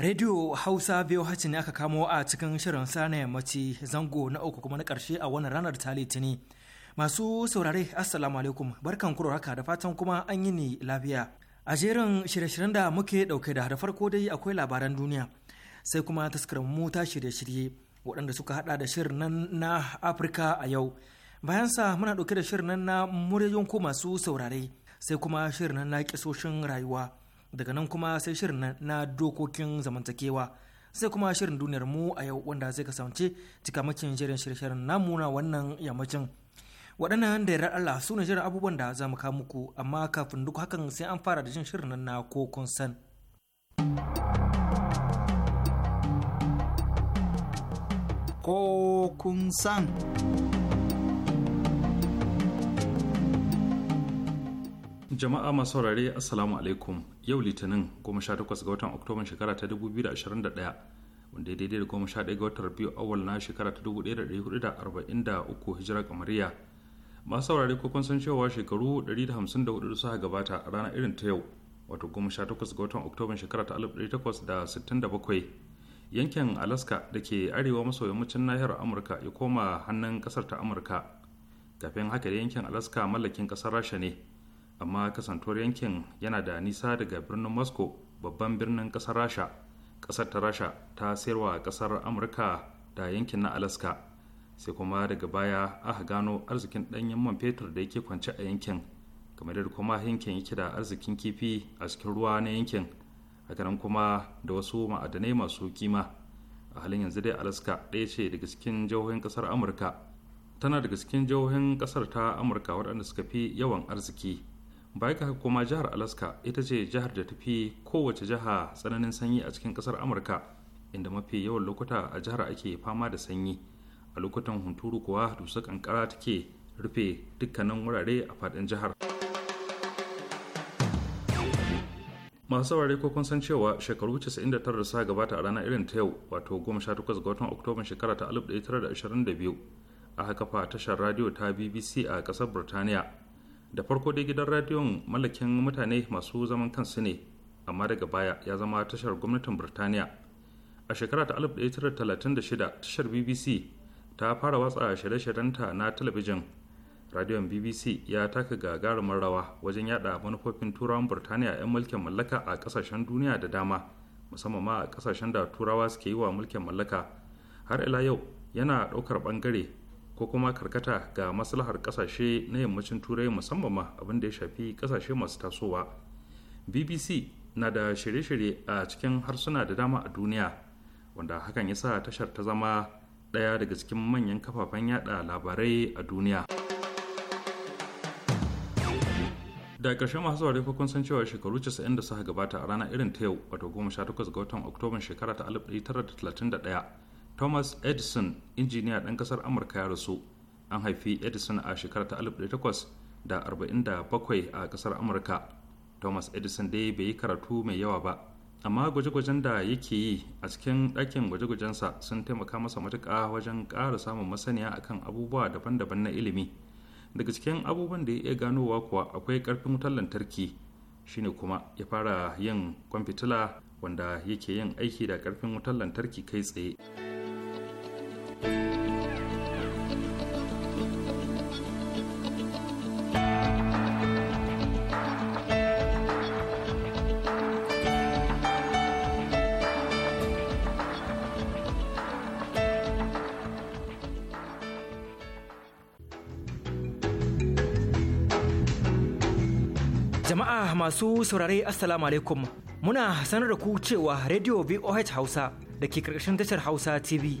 Radio Hausa biyu ne aka kamo a cikin shirin sana mace zango na uku kuma na ƙarshe a wannan ranar ta litini. Masu saurare Assalamu alaikum barkan kuro haka da fatan kuma an yi ni lafiya. A jerin shirye-shiryen da muke ɗauke da da farko dai akwai labaran duniya sai kuma taskar mu ta shirye-shirye waɗanda suka hada da shirin nan na Afirka a yau. Bayansa muna ɗauke da shirin nan na muryoyin masu saurare sai kuma shirin nan na rayuwa. daga nan kuma sai shirin na dokokin zamantakewa sai kuma shirin duniyar mu a yau wanda zai kasance cikamakin shirin shirin na muna wannan yammacin waɗannan da yarar Allah su ne shirin abubuwan da za mu kawo muku amma kafin duk hakan sai an fara da jin shirin na kokon san kokun san jama'a masu saurare assalamu alaikum yau litinin 18 ga watan oktoban shekara ta 2021 wanda daidai da 11 ga watan biyu awal na shekara ta 1443 hijira kamariya masu saurare ko kun san cewa shekaru 154 da suka gabata a ranar irin ta yau wato 18 ga watan oktoban shekara ta 1867 yankin alaska da ke arewa maso yammacin nahiyar amurka ya koma hannun kasar ta amurka kafin haka da yankin alaska mallakin kasar rasha ne amma kasantuwar yankin yana da nisa daga birnin moscow babban birnin kasar rasha kasar ta rasha ta sayarwa kasar amurka da yankin na alaska sai kuma daga baya aka gano arzikin ɗanyen man fetur da yake kwance a yankin kamar da kuma yankin yake da arzikin kifi a cikin ruwa na yankin hakanan kuma da wasu ma'adanai masu kima a halin yanzu dai alaska ɗaya ce daga cikin jihohin kasar amurka tana daga cikin jihohin kasar ta amurka waɗanda suka fi yawan arziki baya haka kuma jihar alaska ita ce jihar da tafi kowace jiha tsananin sanyi a cikin kasar amurka inda mafi yawan lokuta a jihar ake fama da sanyi a lokutan hunturu kuwa dusa kankara take rufe dukkanin wurare a fadin jihar masu saurare ko kun san cewa shekaru 99 da sa gabata a ranar irin ta yau wato 18 ga watan oktoba shekara ta 1922 aka kafa tashar radio ta bbc a kasar burtaniya da farko dai gidan radiyon mallakin mutane masu zaman kansu ne amma daga baya ya zama tashar gwamnatin burtaniya. a shekara ta 1936 tashar bbc ta fara watsa shirye-shiryenta na talabijin radiyon bbc ya taka gagarumin rawa wajen yada manufofin turawan burtaniya 'yan mulkin mallaka a kasashen duniya da dama musamman ma a kasashen da turawa suke yi wa mulkin mallaka har ila yau yana ɗaukar bangare ko kuma karkata ga maslahar kasashe na yammacin turai musamman ma abin da ya shafi kasashe masu tasowa bbc na da shirye-shirye a cikin harsuna da dama a duniya wanda hakan ya sa tashar ta zama ɗaya daga cikin manyan kafafen yada labarai a duniya da ƙarshen masu saurari ko kun san cewa shekaru 90 da suka gabata a rana irin ta yau wato 18 ga watan oktoban shekara ta 1931 thomas edison injiniya ɗan ƙasar amurka ya rasu an haifi edison a shekara ta 1847 a ƙasar amurka thomas edison dai bai yi karatu mai yawa ba amma gwaje-gwajen da yake yi a cikin ɗakin gwaje-gwajensa sun taimaka masa matuƙa wajen ƙara samun masaniya akan abubuwa daban-daban na ilimi daga cikin abubuwan da ya iya ganowa kuwa akwai ƙarfin wutar lantarki shine kuma ya fara yin kwamfitila wanda yake yin aiki da ƙarfin wutar lantarki kai tsaye. Jama'a masu saurare Assalamu alaikum muna sanar da ku cewa Radio VOH Hausa da ke karkashin tashar Hausa TV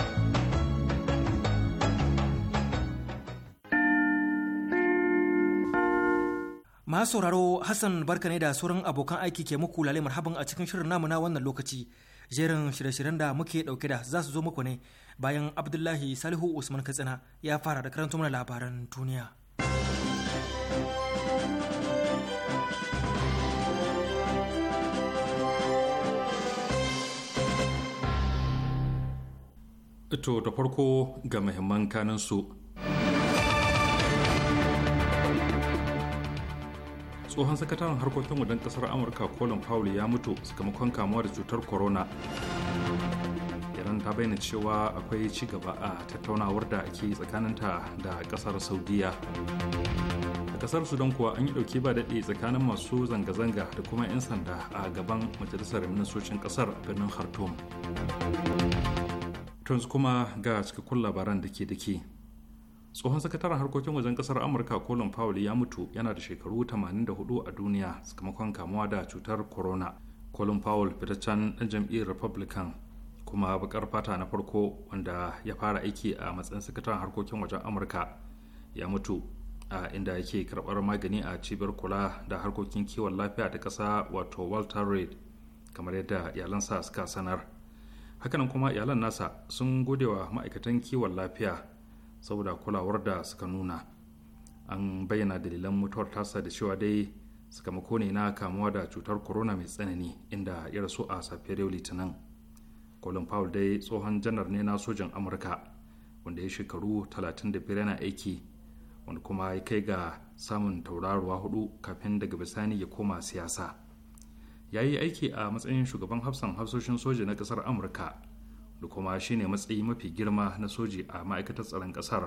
Masu sauraro Hassan barka ne da sauran abokan aiki ke muku lalai marhaban a cikin shirin namu na wannan lokaci. Jerin shirye-shiryen da muke dauke da za su zo muku ne bayan Abdullahi Salihu Usman Katsina ya fara da karanta mana labaran duniya. ito da farko ga muhimman su tsohon sakataren harkokin wajen kasar amurka colin powell ya mutu sakamakon kamuwa da cutar corona iran ta bayyana cewa akwai ci gaba a tattaunawar da ake tsakaninta da kasar saudiya a kasar sudan kuwa an yi dauki ba daɗe tsakanin masu zanga-zanga da kuma 'yan sanda a gaban majalisar ministocin kasar birnin khartoum tons kuma ga cikakkun labaran da ke da ke tsohon sakataren harkokin wajen kasar amurka colin powell ya mutu yana da shekaru 84 a duniya sakamakon kamuwa da cutar corona colin powell fitaccen dan jam'iyyar republican kuma bakar fata na farko wanda ya fara aiki a matsayin sakataren harkokin wajen amurka ya mutu a inda yake karbar magani a cibiyar kula da harkokin kiwon lafiya ta ƙasa wato walter reed kamar yadda iyalansa suka sanar hakanan kuma iyalan nasa sun gode wa ma'aikatan kiwon lafiya saboda kulawar da suka nuna an bayyana dalilan mutuwar tasa da cewa dai sakamako ne na kamuwa da cutar corona mai tsanani inda ya rasu a safiyar yau litinin colin paul dai tsohon janar ne na sojan amurka wanda ya shekaru 35 yana aiki wanda kuma ya kai ga samun tauraruwa hudu kafin daga bisani ya koma siyasa ya yi aiki a matsayin shugaban hafsan hafsoshin soja na kasar amurka da kuma shine matsayi mafi girma na soji a ma'aikatar tsaron kasar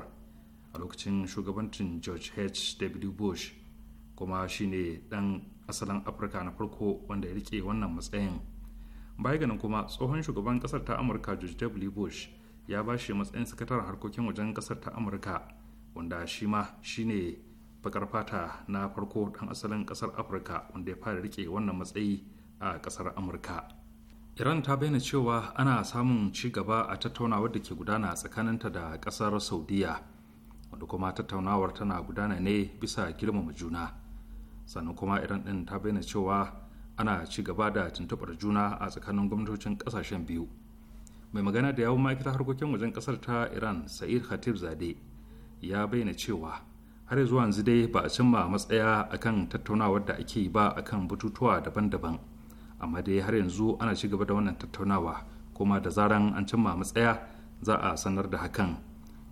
a lokacin shugabancin george h w bush kuma shine dan asalin afirka na farko wanda ya rike wannan matsayin baya ganin kuma tsohon shugaban kasar ta amurka george w bush ya ba shi matsayin sakataren harkokin wajen kasar ta amurka wanda shi ma shi ne bakar fata na farko dan asalin kasar afirka wanda ya fara rike wannan matsayi a kasar amurka iran ta bayyana cewa ana samun ci gaba a tattaunawar da ke gudana tsakaninta da ƙasar saudiya wanda kuma tattaunawar tana gudana ne bisa girmama juna sannan kuma iran din ta bayyana cewa ana ci gaba da tuntuɓar juna a tsakanin gwamnatocin ƙasashen biyu mai magana da yawon makita harkokin wajen ƙasar ta iran sa'id khatib zade ya bayyana cewa har zuwa yanzu dai ba a cimma matsaya akan tattaunawar da ake yi ba akan bututuwa daban-daban amma dai har yanzu ana ci gaba da wannan tattaunawa kuma da zaran an cimma matsaya za a sanar da hakan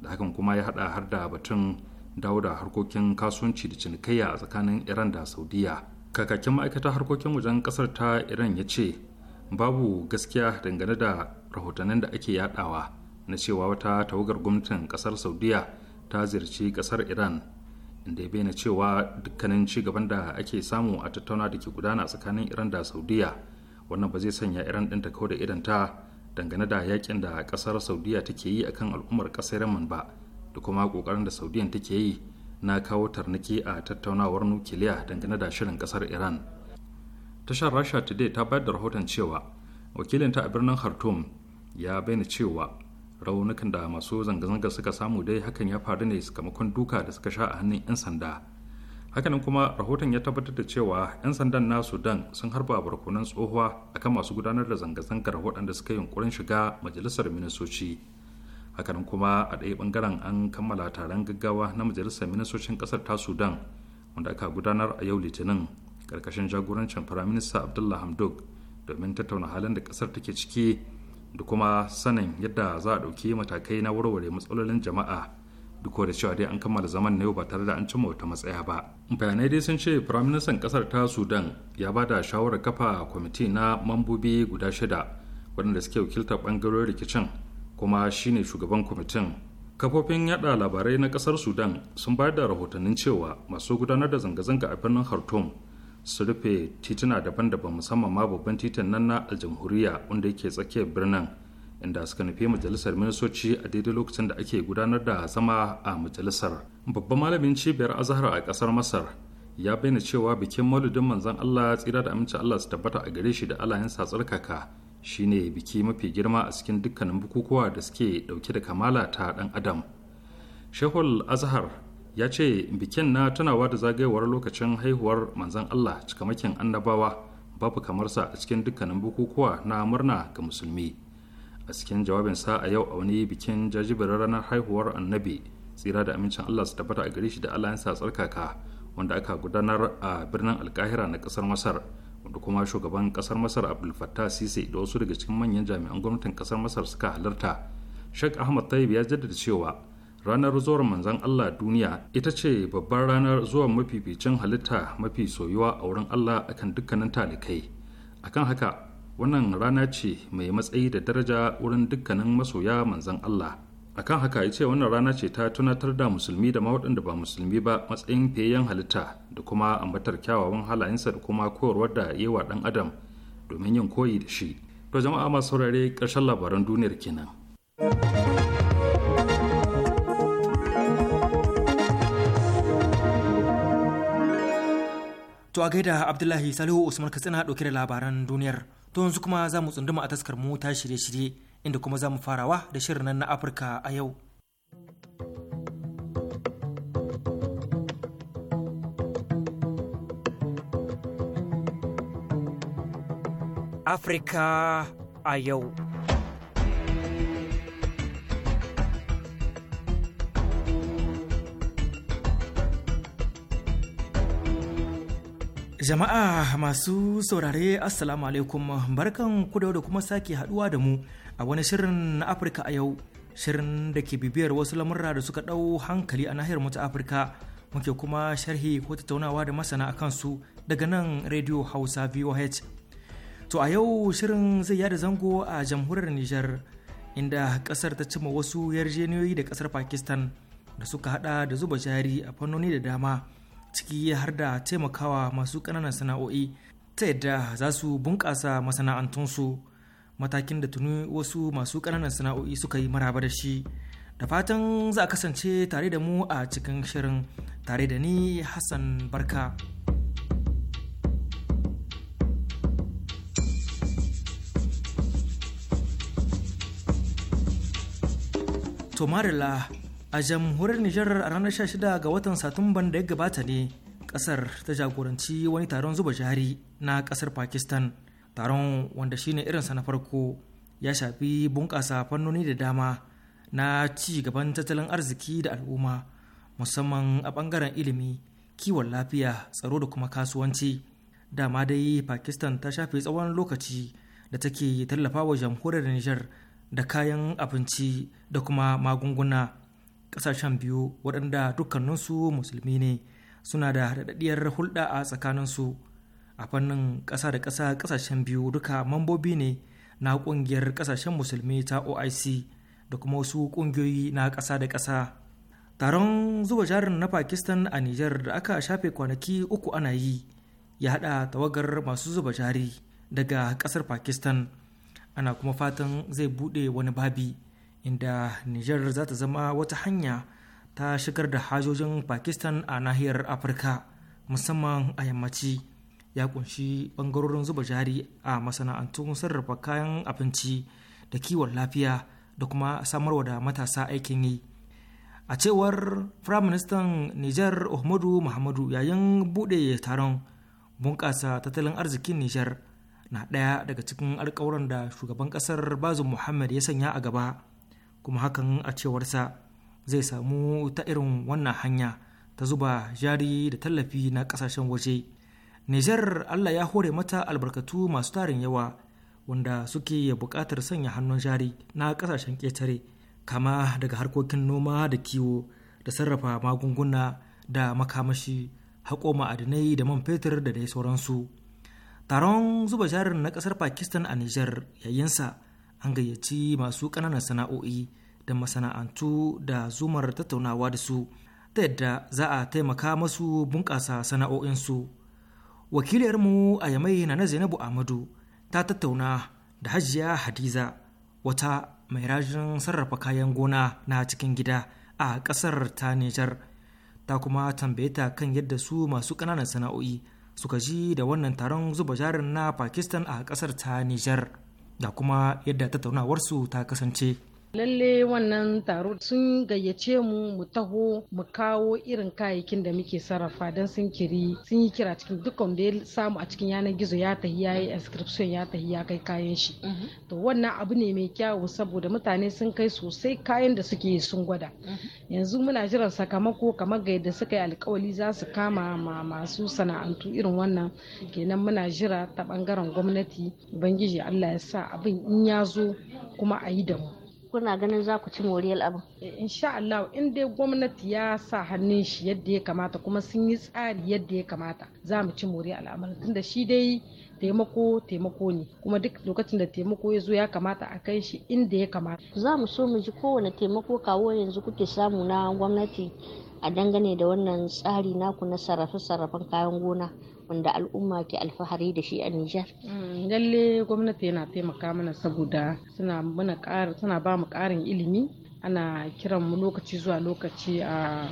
da hakan kuma ya hada har da batun dawo da harkokin kasuwanci da cinikayya a tsakanin iran da saudiya kakakin ma'aikatar harkokin wajen kasar ta iran ya ce babu gaskiya dangane da rahotannin da ake yadawa na cewa wata tawagar gwamnatin kasar saudiya ta ziyarci kasar iran inda ya bayyana cewa dukkanin ci gaban da ake samu a tattauna da ke gudana tsakanin iran da saudiya wannan ba zai sanya iran ɗinta ta da idan ta dangane da yakin da ƙasar saudiya take yi akan al'ummar ƙasar yaman ba da kuma ƙoƙarin da saudiyan take yi na kawo tarnaki a tattaunawar nukiliya dangane da shirin ƙasar iran tashar rasha today ta bayar da rahoton cewa wakilinta a birnin khartoum ya bayyana cewa raunukan da masu zanga-zanga suka samu dai hakan ya faru ne sakamakon duka da suka sha a hannun 'yan sanda hakanan kuma rahoton ya tabbatar da cewa 'yan sandan na sudan sun harba barkonan tsohuwa akan masu gudanar da zanga-zangar waɗanda suka yunkurin shiga majalisar ministoci hakanan kuma a ɗaya bangaren an kammala taron gaggawa na majalisar minisocin ƙasar ta sudan wanda aka gudanar a yau litinin ƙarƙashin jagorancin firaminista abdullah hamdok domin tattauna halin da ƙasar take ciki da kuma sanin yadda za a ɗauki matakai na warware matsalolin jama'a duk da cewa dai an kammala zaman na yau ba tare da an cimma wata matsaya ba bayanai dai sun ce firaministan ƙasar ta sudan ya ba da shawarar kafa kwamiti na mambobi guda shida waɗanda suke wakiltar ɓangarorin rikicin kuma shine shugaban kwamitin kafofin yada labarai na ƙasar sudan sun bayar da rahotannin cewa masu gudanar da zanga-zanga a birnin khartoum su rufe tituna daban-daban musamman ma babban titin nan na aljamhuriya wanda yake tsakiyar birnin inda suka nufi majalisar ministoci a daidai lokacin da ake gudanar da zama a majalisar babban malamin cibiyar azahar a kasar masar ya bayyana cewa bikin mauludin manzon allah tsira da aminci allah su tabbata a gare shi da sa tsarkaka shine biki mafi girma a cikin dukkanin bukukuwa da suke dauke da kamala ta dan adam shehul azhar ya ce bikin na tunawa da zagayowar lokacin haihuwar manzan Allah cikamakin annabawa babu kamarsa a cikin dukkanin bukukuwa na murna ga musulmi a cikin jawabinsa a yau a wani bikin jajibirar ranar haihuwar annabi tsira da amincin Allah su tabbata a gare shi da Allah ya sa tsarkaka wanda aka gudanar a birnin alkahira na kasar masar wanda kuma shugaban kasar masar abdul fattah sise da wasu daga cikin manyan jami'an gwamnatin kasar masar suka halarta sheikh ahmad tayyib ya jaddada cewa ranar zuwar manzan Allah duniya ita ce babbar ranar zuwa mafificin halitta mafi soyuwa a wurin Allah akan dukkanin talikai akan haka wannan rana ce mai matsayi da daraja wurin dukkanin masoya manzan Allah akan haka ya ce wannan rana ce ta tunatar da musulmi da ma waɗanda ba musulmi ba matsayin fiyayyen halitta da kuma ambatar kyawawan halayensa da kuma koyarwar da yi wa ɗan adam domin yin koyi da shi to jama'a masu saurare ƙarshen labaran duniyar kenan. To a gaida Abdullahi Salihu Usman Katsina ɗauke da labaran duniyar. To yanzu kuma za mu tsunduma a taskar mu ta shirye-shirye inda kuma za mu farawa da shirin nan na Afirka a yau. Afirka a yau. Jama'a masu saurare Assalamu alaikum barkan ku da kuma sake haduwa da mu a wani shirin na Afirka a yau shirin da ke bibiyar wasu lamurra da suka ɗau hankali a nahiyar mu ta Afirka muke kuma sharhi ko tattaunawa da masana a kansu daga nan Radio Hausa VOH. To a yau shirin zai yada zango a jamhuriyar Nijar inda kasar ta cima wasu yarjeniyoyi da kasar Pakistan da suka hada da zuba jari a fannoni da dama. ciki har da taimakawa masu ƙananan sana'o'i ta yadda za su bunƙasa masana'antunsu matakin da tuni wasu masu ƙananan sana'o'i suka yi maraba da shi da fatan za a kasance tare da mu a cikin shirin tare da ni hassan barka to marilla a jamhuriyar nijar a ranar 16 ga watan satumban da ya gabata ne kasar ta jagoranci wani taron zuba jari na kasar pakistan taron wanda shine irinsa na farko ya shafi bunƙasa fannoni da dama na ci gaban tattalin arziki da al'umma musamman a bangaren ilimi kiwon lafiya tsaro da kuma kasuwanci dama dai pakistan ta shafe tsawon lokaci da take tallafawa jamhuriyar nijar da kayan abinci da kuma magunguna ƙasashen biyu waɗanda dukkaninsu musulmi ne suna da haɗaɗɗiyar hulɗa a tsakaninsu a fannin ƙasa da ƙasa ƙasashen biyu duka mambobi ne na ƙungiyar ƙasashen musulmi ta oic da kuma wasu ƙungiyoyi na ƙasa da ƙasa taron zuba jarin na pakistan a niger da aka shafe kwanaki uku ana yi ya haɗa tawagar masu zuba jari daga ƙasar pakistan ana kuma fatan zai buɗe wani babi inda niger za ta zama wata hanya ta shigar da hajojin pakistan a nahiyar afirka musamman a yammaci ya kunshi bangarorin zuba jari a masana'antun sarrafa kayan abinci da kiwon lafiya da kuma samarwa da matasa aikin yi a cewar firaministan nijar ahmadu muhammadu yayin buɗe taron bunƙasa tattalin arzikin nijar na ɗaya daga cikin alkawuran da shugaban ƙasar bazu muhammad ya sanya a gaba kuma hakan a cewarsa zai samu ta irin wannan hanya ta zuba jari da tallafi na kasashen waje nijar allah ya hore mata albarkatu masu tarin yawa wanda suke buƙatar sanya hannun jari na kasashen ƙetare kama daga harkokin noma da kiwo da sarrafa magunguna da makamashi haƙo ma'adinai da man fetur da dai sauransu taron zuba jarin na ƙasar pakistan a nijar yayinsa an gayyaci masu ƙananan sana'o'i da masana'antu da zumar tattaunawa da su ta yadda za a taimaka masu bunƙasa sana'o'insu wakiliyarmu a yamai na na zainabu amadu ta tattauna da hajiya hadiza wata mai rajin sarrafa kayan gona na cikin gida a ƙasar ta nijar ta kuma tambaye ta kan yadda su masu ƙananan sana'o'i suka ji da wannan taron zuba jarin na pakistan a ƙasar ta nijar da kuma yadda tattaunawarsu ta kasance lalle wannan taro sun gayyace mu mu taho mu kawo irin kayayyakin da muke sarrafa don sun kiri sun yi kira cikin dukkan da ya samu a cikin yanar gizo ya tafi ya yi inscription ya tafi ya kai kayan shi mm-hmm. to wannan abu ne mai kyawu saboda mutane sun kai sosai kayan da suke sun gwada mm-hmm. yanzu muna jiran sakamako kamar ga yadda suka yi alkawali za su kama ma masu sana'antu irin wannan kenan muna jira ta bangaren gwamnati ubangiji allah ya sa abin in ya zo kuma a yi da mu kuna ganin za ku ci moriyar abin eh, insha Allah in dai gwamnati ya sa hannun shi yadda ya kamata kuma sun yi tsari yadda ya kamata za mu ci moriyar al'amarin tunda shi dai taimako taimako ne kuma duk lokacin da taimako ya zo ya kamata a kai shi inda ya kamata za mu so mu ji kowane taimako kawo yanzu kuke samu na gwamnati a dangane da wannan tsari naku na sarrafe-sarrafen kayan gona wanda al'umma ke alfahari da shi a Nijar. Mm, lalle gwamnati yana taimaka mana saboda suna bamu ba mu ƙarin ilimi ana kiran mu lokaci zuwa lokaci a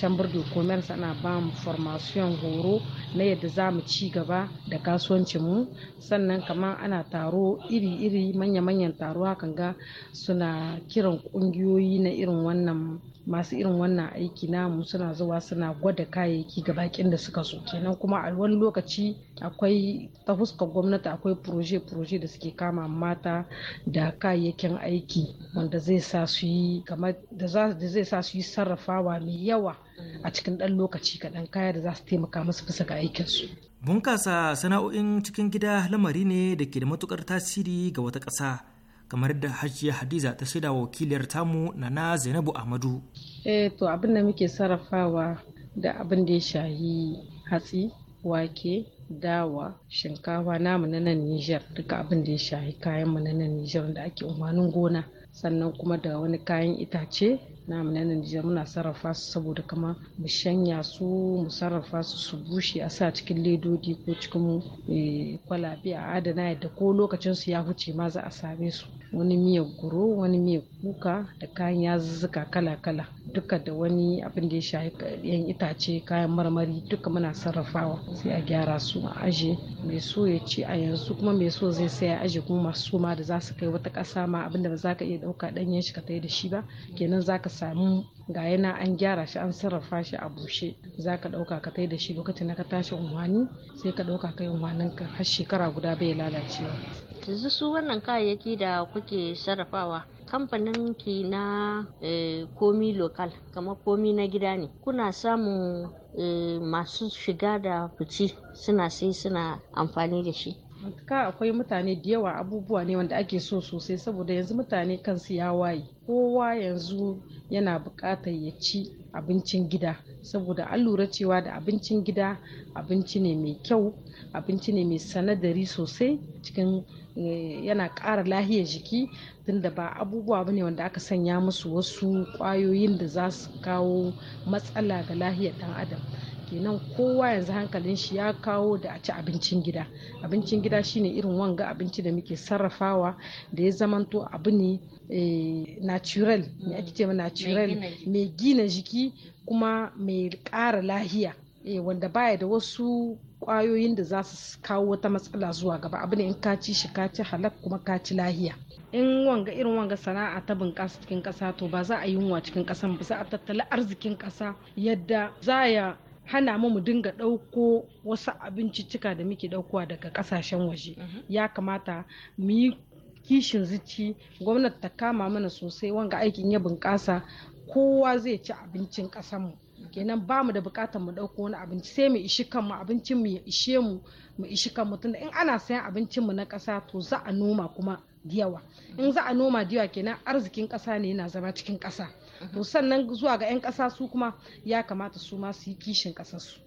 chamber de commerce ana ba mu formation horo na yadda za mu ci gaba da kasuwancin mu sannan kamar ana taro iri-iri manya-manyan taro hakan ga suna kiran kungiyoyi na irin wannan masu irin wannan aiki namu suna zuwa suna gwada kayayyaki ga bakin da suka so kenan kuma a wani lokaci akwai ta fuskar gwamnati akwai proje proje da suke kama mata da kayayyakin aiki wanda zai sa su yi kamar da zai sa su yi sarrafawa mai yawa a cikin dan lokaci kaɗan kaya da za su taimaka musu bisa ga aikinsu. Bunkasa sana'o'in cikin gida lamari ne da ke da matukar tasiri ga wata ƙasa. kamar da hajiya hadiza ta shaida wa wakiliyar tamu nana zainabu ahmadu eh to abin da muke sarrafawa da abin da ya shayi hatsi wake dawa shinkafa namu na nan nijar duka abin da ya shayi kayan mu na nan nijar da ake umarnin gona sannan kuma da wani kayan itace namu na Nijar muna sarrafa su saboda kama mu shanya su mu sarrafa su su bushe a sa cikin ledodi ko cikin eh, kwalabe a adana yadda ko lokacin su ya huce ma za a same su wani miya goro wani miyar kuka da kayan yazuzzuka kala-kala duka da wani abin da ya shafi yan itace kayan marmari duka muna sarrafawa sai a gyara su a aje mai so ya ce a yanzu kuma mai so zai saya a aje kuma masu suma da za su kai wata ƙasa ma abin da ba za ka iya ɗauka ɗanyen shi ka tai da shi ba kenan za ka samu ga yana an gyara shi an sarrafa shi a bushe za ka ɗauka ka tai da shi lokacin na ka tashi unguwanni sai ka ɗauka kai unhwanin ka har shekara guda bai lalacewa. yanzu su wannan kayayyaki da kuke sarrafawa kamfanin ki na eh, komi lokal kamar komi na gida ne kuna samun eh, masu shiga da fici suna sai suna amfani da shi ka akwai mutane da yawa abubuwa ne wanda ake so sosai saboda yanzu mutane kansu ya waye kowa yanzu yana buƙatar ya ci abincin gida saboda an lura cewa da abincin gida abinci ne mai kyau abinci ne mai sanadari sosai cikin eh, yana ƙara lahiyar jiki tunda ba abubuwa bane wanda aka sanya musu wasu ƙwayoyin da za su kawo matsala ga lahiyar ɗan adam kenan kowa yanzu hankalin shi ya kawo da a ci abincin gida abincin gida shine irin wanga abinci da muke sarrafawa da ya zamanto abu ne eh, natural me ake ce mm. natural mai gina jiki kuma mai ƙara lahiya eh, wanda baya da wasu ƙwayoyin da za su kawo wata matsala zuwa gaba abu ne in ka ci shi ka ci halak kuma ka ci lahiya in wanga irin wanga sana'a ta bunƙasa cikin ƙasa to ba za a yi yunwa cikin kasan ba za a tattala arzikin ƙasa yadda za ya hana mu mu dinga ɗauko wasu abinciccika da muke ɗaukowa daga kasashen waje mhm. ya kamata mu yi kishin zici gwamnati ta kama mana sosai wanga aikin ya bunƙasa kowa zai ci abincin ƙasanmu kenan ba mu da bukatar mu ɗauko wani abinci sai mu ishi kanmu abincin mu ya ishe mu mu ishi kanmu tunda in ana sayan abincin mu na ƙasa to za a noma kuma da in za a noma da yawa kenan arzikin ƙasa ne yana zama cikin ƙasa to sannan zuwa ga 'yan ƙasa su kuma ya kamata su ma su yi kishin ƙasarsu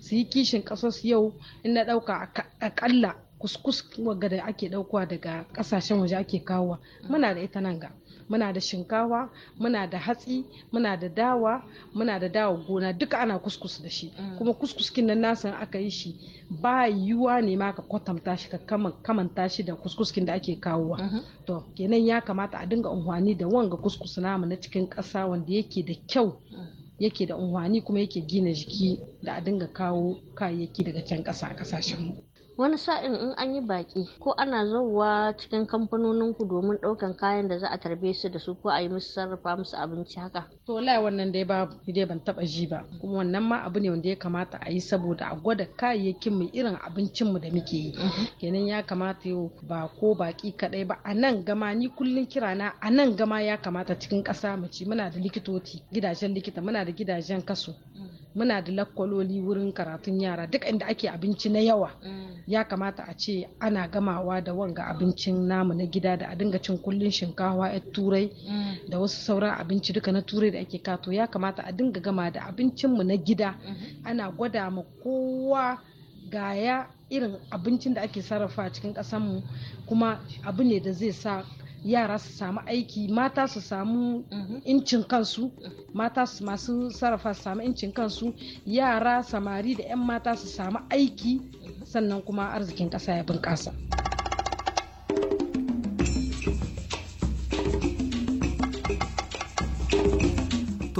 su yi kishin ƙasarsu yau in na ɗauka aƙalla kuskus wagga da ake ɗaukowa daga ƙasashen waje ake kawowa muna da ita nan ga muna da shinkawa muna da hatsi muna da dawa muna da dawa gona duka ana kuskus da shi mm. kuma kuskuskin nan nasan aka yi shi ba yiwuwa ne ma ka kwatanta shi ka kamanta shi da kuskuskin da ake kawowa mm-hmm. to kenan ya kamata a dinga unhwani da wanga kuskus namu na cikin ƙasa wanda yake da kyau mm. yake da unhwani kuma yake gina jiki da a dinga kawo kayayyaki daga can ƙasa a ƙasashen mu wani sa'in in an yi baki ko ana zauwa cikin kamfanonin ku domin ɗaukan kayan da za a tarbe su da su ko a yi musu sarrafa musu abinci haka to wallahi wannan dai ba dai ban taba ji ba kuma wannan ma abu ne wanda ya kamata a yi saboda a gwada kayayyakin mu irin abincin mu da muke yi mhm. kenan ya kamata yau ba ko baki kadai ba a nan gama ni kullun kirana a nan gama ya kamata cikin ƙasa mu ci muna da likitoci gidajen likita muna da gidajen kaso mm. muna da lakkwaloli wurin karatun yara duk inda ake abinci na yawa mm. ya kamata a ce ana gamawa da wanga abincin namu na gida da a dinga cin kullun shinkawa yar turai mm. da wasu sauran abinci duka na turai da ake kato ya kamata a dinga gama da abincinmu na gida mm-hmm. ana gwada ma kowa gaya irin abincin da ake sarrafa cikin kasanmu kuma abu ne da zai sa yara su samu aiki mata su samu mhm. incin kansu mhm. mata su masu sarrafa su samu incin kansu yara samari da 'yan mata su samu aiki mhm. sannan kuma arzikin ƙasa ya bunƙasa.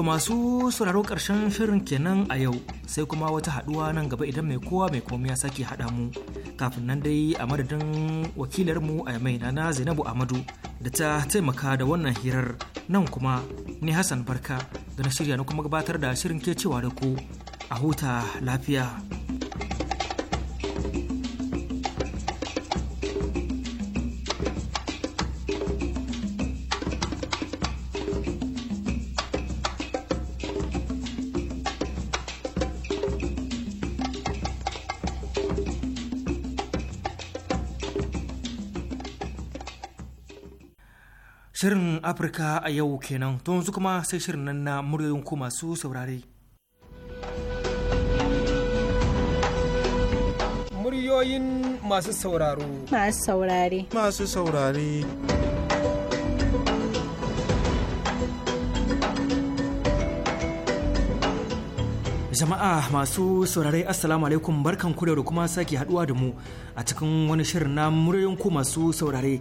To masu sauraro ƙarshen shirin kenan a yau sai kuma wata haɗuwa nan gaba idan mai kowa mai komai ya sake haɗa mu kafin nan dai a madadin wakilarmu a mai na Zainabu Amadu da ta taimaka da wannan hirar nan kuma ni Hassan Barka da na shirya na kuma gabatar da shirin ke cewa da ku a huta lafiya. Afirka a yau kenan to yanzu kuma sai shirin nan na muryoyin ku masu saurare. Muryoyin masu sauraro. Masu saurare. Masu saurare. Jama'a masu saurare Assalamu alaikum barkan kudu da kuma sake haduwa da mu a cikin wani shirin na muryoyin ku masu saurare.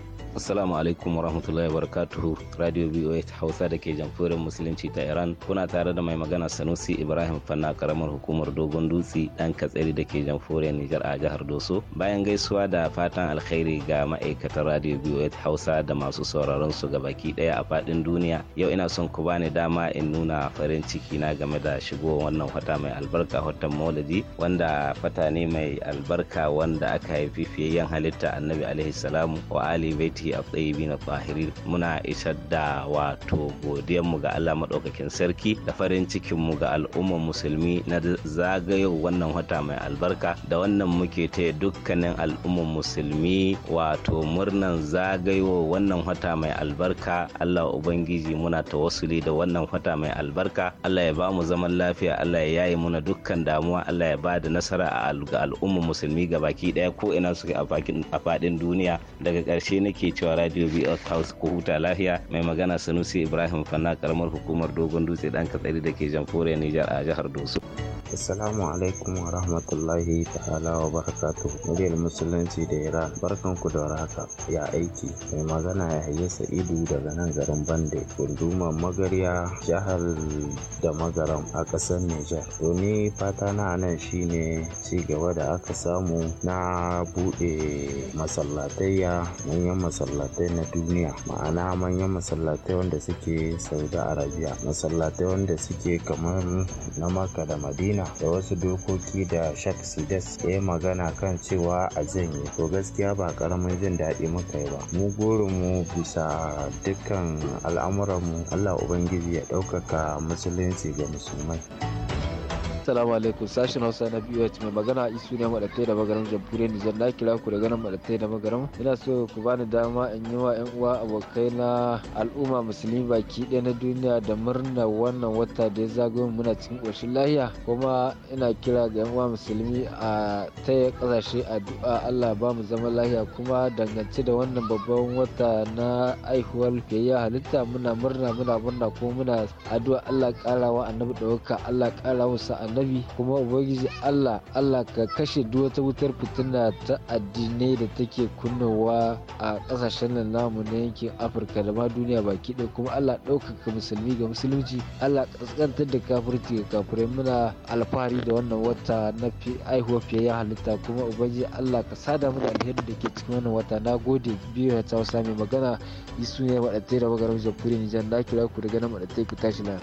Assalamu alaikum warahmatullahi wabarakatuhu Radio BOA Hausa da ke jamfurin Musulunci ta Iran kuna tare da mai magana Sanusi Ibrahim Fanna karamar hukumar Dogon Dutse dan Katsari da ke jamfurin Nijar a jihar Doso bayan gaisuwa da fatan alkhairi ga ma'aikatan Radio BOA Hausa da masu sauraron su gabaki daya a fadin duniya yau ina son ku bani dama in nuna farin ciki na game da shigo wannan wata mai albarka hotan Maulidi wanda fata ne mai albarka wanda aka haifi fiye fiyayyen halitta Annabi alaihi salamu wa ali baiti tahiyyati a na tsahiri muna isar da wato mu ga Allah maɗaukakin sarki da farin cikinmu ga al'ummar musulmi na zagayo wannan wata mai albarka da wannan muke taya dukkanin al'ummar musulmi wato murnan zagayo wannan wata mai albarka Allah ubangiji muna tawassuli da wannan wata mai albarka Allah ya ba mu zaman lafiya Allah ya yaye muna dukkan damuwa Allah ya ba da nasara a al'ummar musulmi gabaki baki ɗaya ko ina suke a faɗin duniya daga ƙarshe nake cewa radio bl house ko huta lafiya mai magana sanusi ibrahim fanna karamar hukumar dogon dutse dan katsari da ke jamhuriyar nijar a jihar doso Assalamu alaikum wa rahmatullahi ta'ala wa barakatu muryar musulunci da Iran barkan ku da haka ya aiki mai magana ya haye sa'idu daga nan garin bande gunduma magarya jihar da magaram a kasar Nijar doni fata na nan shine ci gaba da aka samu na buɗe masallatayya manyan masallatai masallatai na duniya ma'ana manyan masallatai wanda suke saudi arabia masallatai wanda suke kamar na maka da madina da wasu dokoki da shak sidas ya magana kan cewa a janye to gaskiya ba karamin jin daɗi muka yi ba mu mu bisa dukkan al'amuranmu allah ubangiji ya ɗaukaka musulunci ga musulmai Assalamu alaikum sashen Hausa na wacce mai magana isu ne madatai da magaran jamhuriyar Nijar na kira ku da ganin madatai da magaran ina so ku bani dama in yi wa 'yan uwa abokai na al'umma musulmi baki ɗaya na duniya da murna wannan wata da ya zagayo muna cikin ƙoshin lahiya kuma ina kira ga 'yan uwa musulmi a taya ƙasashe addu'a Allah ba mu zama lahiya kuma dangance da wannan babban wata na aihuwar fiyayya halitta muna murna muna murna kuma muna addu'a Allah ƙara wa annabi ɗauka Allah ƙara wa annabi kuma ubangiji allah allah ka kashe duk wata wutar fitina ta addinai da take kunnawa a kasashen nan namu na yankin afirka da ma duniya baki ɗaya kuma allah ɗaukaka musulmi ga musulunci allah ƙasƙantar da kafirci ga kafirai muna alfahari da wannan wata na aihuwa fiye ya halitta kuma ubangiji allah ka sada mu da alheri da ke cikin wannan wata na gode biyu ya wasa mai magana isu ne maɗatai da magaram jamhuriyar nijar na kira ku daga nan madatai ku tashi na.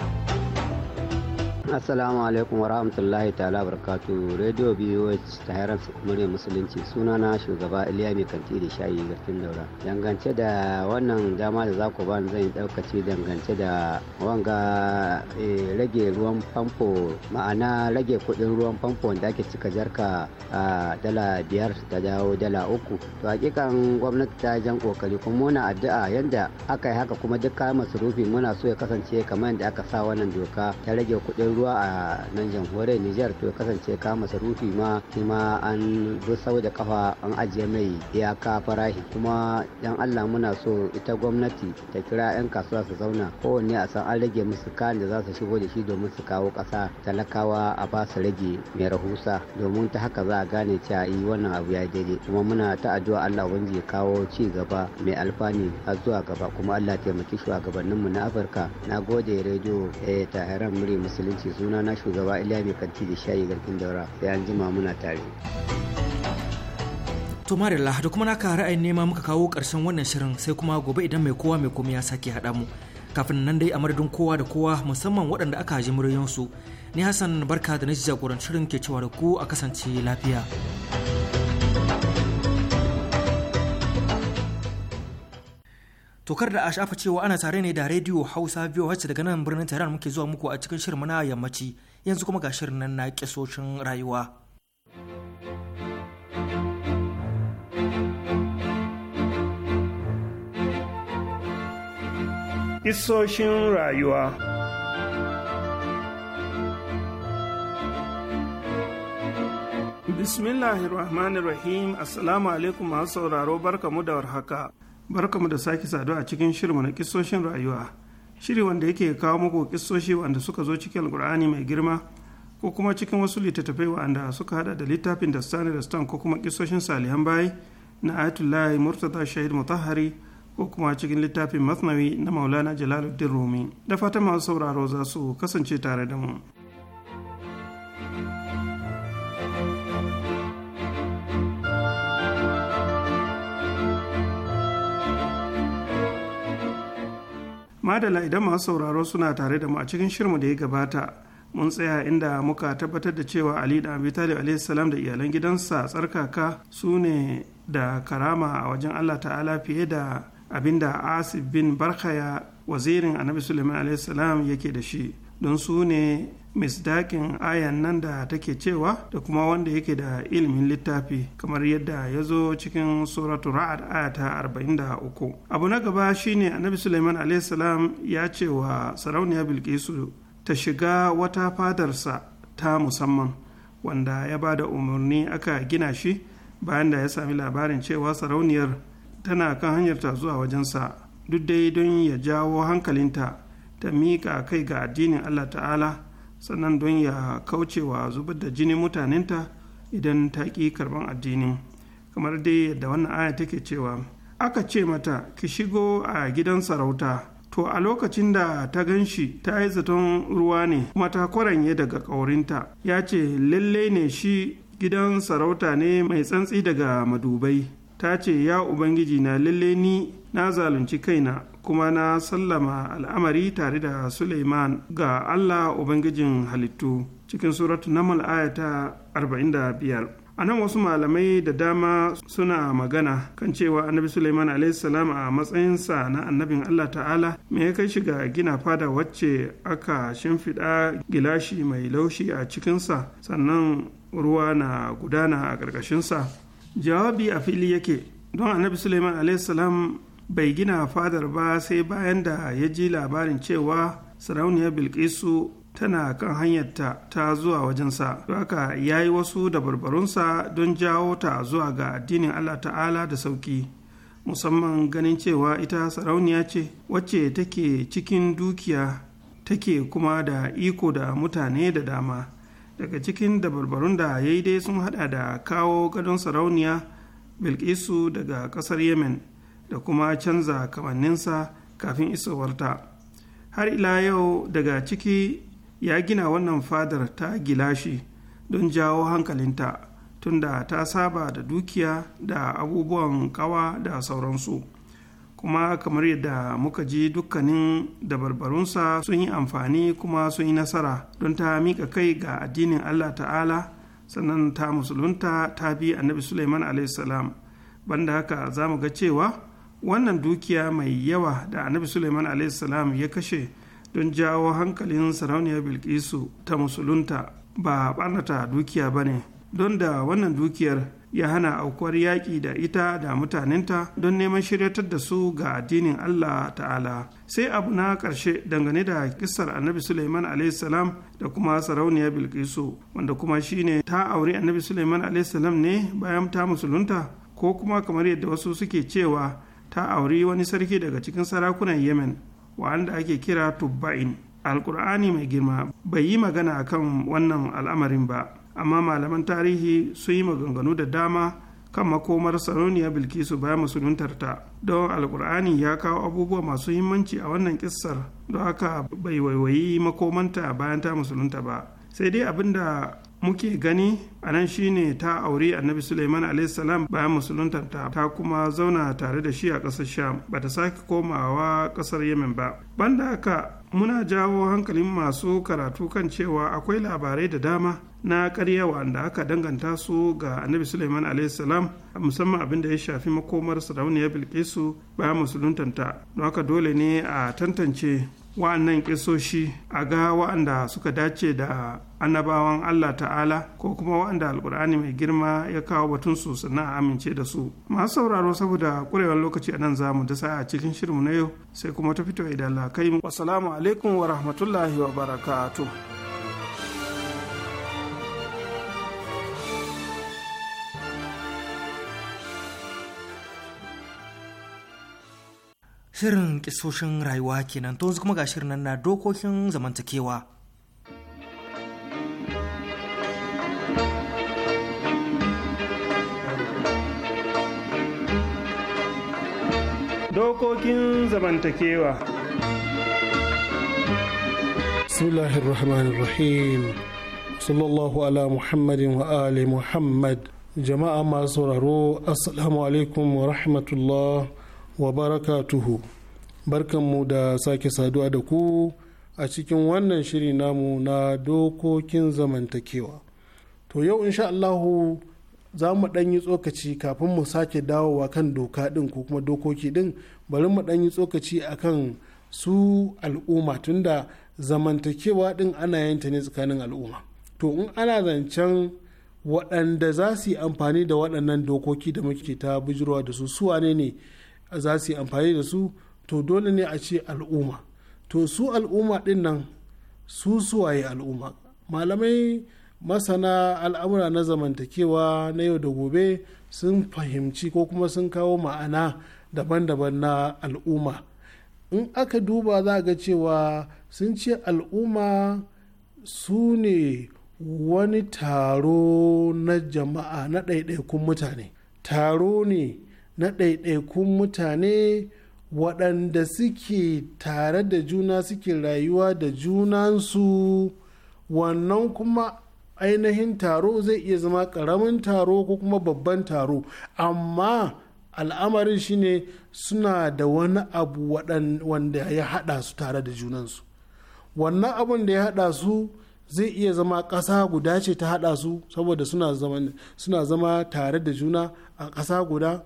assalamu alaikum wa warahmatullahi ta'ala barkatu radio boh ta heran murya musulunci sunana shugaba iliya mai kanti da shayi garkin daura dangance da wannan dama da zaku ku bani zai yi daukaci dangance da wanga eh, rage ruwan famfo ma'ana rage kudin ruwan famfo da ake cika jarka a dala biyar ta dawo dala uku to hakikan gwamnati ta jan kokari kuma muna addu'a yanda aka yi haka kuma duk kayan masarufi muna so ya kasance kamar yadda aka sa wannan doka ta rage kudin ruwa a nan jamhuriyar Nijar to kasance ka masarufi ma shi ma an bi sau da kafa an ajiye mai iyaka farahi kuma yan Allah muna so ita gwamnati ta kira 'yan kasuwa su zauna kowanne a san an rage musu kayan da za su shigo da shi domin su kawo kasa talakawa a ba su rage mai rahusa domin ta haka za a gane cewa yi eh, wannan abu ya daidai kuma muna ta addu'a Allah wanda ya kawo ci gaba mai alfani a zuwa gaba kuma Allah taimaki shugabanninmu na Afirka na gode rediyo eh, ta Haram Muri Musulunci ke suna na shugaba Iliya mai kanti da shayi garkin daura sai an jima muna tare. To Marilla da kuma naka ra'ayin nema muka kawo karshen wannan shirin sai kuma gobe idan mai kowa mai komai ya sake haɗa mu. Kafin nan dai a madadin kowa da kowa musamman waɗanda aka ji muryoyinsu. Ni Hassan barka da na jagorancin shirin ke cewa da ku a kasance lafiya. tokar da a shafa cewa ana tare ne da rediyo hausa biyu wacce daga nan birnin tehran muke zuwa muku a cikin shirin na yammaci yanzu kuma ga shirin nan na kisoshin rayuwa Isoshin rayuwa Bismillahirrahmanirrahim Assalamu alaikum masu sauraro barkamu da warhaka. barkamu da sake saduwa a cikin shirinmu na kisoshin rayuwa shiri wanda yake kawo muku kisoshi wanda suka zo cikin alkur'ani mai girma ko kuma cikin wasu littattafai wanda suka hada da littafin da stani da stan ko kuma kisoshin salihan bayi na ayatullahi murtaza shahid mutahari ko kuma cikin littafin masnawi na maulana jalaluddin rumi da fatan masu sauraro za su kasance tare da mu madala idan masu sauraro suna tare da mu a cikin shirmu da ya gabata mun tsaya inda muka tabbatar da cewa ali da abi talib da iyalan gidansa tsarkaka su ne da karama a wajen allah ta'ala fiye da abinda asibin bin barkaya wazirin annabi suleiman alaihi yake da shi don su ne Dakin ayan nan da take cewa da kuma wanda yake da ilimin littafi kamar yadda ya zo cikin suratu ra'ad aya ta 43 abu na gaba shine annabi suleiman a.s. ya ce wa sarauniya bilkisu ta shiga wata fadarsa ta musamman wanda ya ba da umarni aka gina shi bayan da ya sami labarin cewa sarauniyar tana kan hanyarta zuwa wajensa duk dai don ya jawo hankalinta ta miƙa kai ga addinin allah ta'ala sannan don ya kaucewa zubar da jini mutanenta idan ta ƙi karban addini, kamar dai yadda wannan aya take cewa aka ce mata ki shigo a gidan sarauta to a lokacin da ta gan shi ta yi zaton ruwa ne kuma ta kwaranye daga ƙaurinta ya ce lalle ne shi gidan sarauta ne mai tsantsi daga madubai ta ce ya ubangiji na lalle ni na zalunci kaina kuma na sallama al'amari tare da Suleiman ga Allah Ubangijin halittu cikin suratu Namal ayata 45. A nan wasu malamai da dama suna magana kan cewa annabi Suleiman salam a matsayinsa na annabin Allah ta'ala me ya kai shiga gina fada wacce aka shimfiɗa gilashi mai laushi a cikinsa sannan ruwa na gudana a ƙarƙashinsa. Jawabi a fili yake don annabi Suleiman salam bai gina fadar ba sai bayan da ya ji labarin cewa sarauniyar bilkisu tana kan hanyarta ta zuwa wajensa haka ya yi wasu dabarbarunsa don jawo ta zuwa ga addinin allah ta'ala da sauki musamman ganin cewa ita sarauniya ce wacce take cikin dukiya take kuma da iko da mutane da dama daga cikin dabarbarun da ya yi dai sun hada da kawo gadon sarauniya bilkisu daga kasar yemen da kuma canza kamanninsa kafin isowarta har ila yau daga ciki ya gina wannan fadar ta gilashi don jawo hankalinta tunda ta saba da dukiya da abubuwan kawa da sauransu kuma kamar yadda muka ji dukkanin dabarbarunsa sun yi amfani kuma sun yi nasara don ta miƙa kai ga addinin allah ta'ala sannan ta musulunta ta bi annabi suleiman salam banda haka za mu ga cewa wannan dukiya mai yawa da annabi suleiman salam ya kashe don jawo hankalin sarauniyar bilkisu ta musulunta ba barnata dukiya ba ne don da wannan dukiyar ya hana aukuwar yaƙi da ita da mutanenta don neman shiryatar da su ga addinin Allah ta'ala sai abu na ƙarshe dangane da kisar annabi suleiman salam da kuma sarauniyar bilkisu wanda kuma shine ta auri annabi suleiman salam ne bayan ta musulunta ko kuma kamar yadda wasu suke cewa ta auri wani sarki daga cikin sarakunan yemen wa'anda ake kira tubba'in alkur'ani mai girma bai yi magana akan wannan al'amarin ba amma malaman tarihi sun yi maganganu da dama kan makomar sanoniya bilkisu bayan musuluntarta don alkur'ani ya kawo abubuwa masu himmanci a wannan kissar don haka bai waiwayi makomanta bayan ta musulunta ba sai dai abin da. muke gani a nan shi ne ta auri annabi suleiman salam bayan musulunta ta kuma zauna tare da shi a ƙasar sham ba ta sake komawa ƙasar yemen ba banda haka muna jawo hankalin masu karatu kan cewa akwai labarai da dama na ƙarya wanda aka danganta su ga annabi suleiman salam musamman abin da ya shafi makomar sarauniyar bilkisu bayan musuluntanta don haka dole ne a tantance wa'annan kisoshi a ga wa'anda suka dace da annabawan Allah ta'ala ko kuma wa'anda alkur'ani mai girma ya kawo batun su sannan a amince da su masu sauraro saboda kurewar lokaci a nan za mu dasa a cikin shirmu na yau sai kuma ta fito idan lakai mu wasalamu alaikum wa rahmatullahi wa barakatuh Shirin kisoshin rayuwa kenan to yanzu kuma ga shirin nan na dokokin zamantakewa. Dokokin zamantakewa. Bismillahir Rahmanir Rahim. Sallallahu ala Muhammadin wa ali Muhammad. Jama'a masu raro Assalamu alaikum wa rahmatullah. wa barakatuhu mu da sake saduwa da ku a cikin wannan shiri namu na dokokin zamantakewa to yau insha Allahu za mu ɗan yi tsokaci kafin mu sake dawowa kan doka ɗin ko kuma dokoki ɗin bari mu ɗan yi tsokaci akan su al'umma tunda zamantakewa ɗin ana yanta ne tsakanin al'umma to in ana zancen waɗanda za su yi amfani da waɗannan dokoki da muke ta bujirwa da su suwane ne za su yi amfani da su to dole ne a ce al'umma to su al'umma din nan su suwaye al'umma malamai masana al'amura na zamantakewa na yau da gobe sun fahimci ko kuma sun kawo ma'ana daban-daban na al'umma in aka duba za ga cewa sun ce al'umma su ne wani taro na jama'a na ɗaiɗaikun mutane taro ne na ɗaiɗaikun mutane waɗanda suke tare da juna suke rayuwa da junansu wannan kuma ainihin taro zai iya zama ƙaramin taro ko kuma babban taro amma al'amarin shine suna da wani abu wanda ya haɗa su tare da junansu wannan abun da ya haɗa su zai iya zama ƙasa guda ce ta haɗa su saboda suna zama tare da juna a ƙasa guda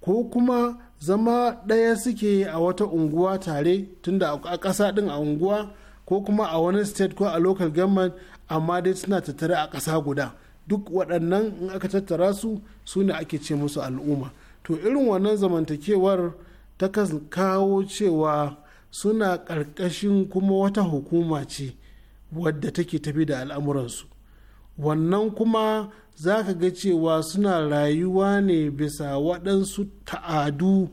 ko kuma zama ɗaya suke a wata unguwa tare tunda a ƙasa ɗin a unguwa ko kuma a wani state ko a local government amma dai suna tattare a ƙasa guda duk waɗannan in aka tattara su su ne ake ce musu al'umma to irin wannan zamantakewar takan kawo cewa suna ƙarƙashin kuma wata hukuma ce wadda take tafi da al'amuransu wannan kuma za ka ga cewa suna rayuwa ne bisa waɗansu ta'adu